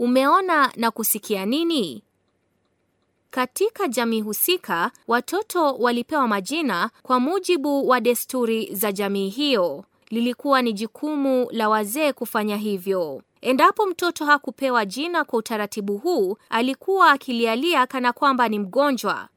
Umeona na kusikia nini? Katika jamii husika, watoto walipewa majina kwa mujibu wa desturi za jamii hiyo. Lilikuwa ni jukumu la wazee kufanya hivyo. Endapo mtoto hakupewa jina kwa utaratibu huu, alikuwa akilialia kana kwamba ni mgonjwa.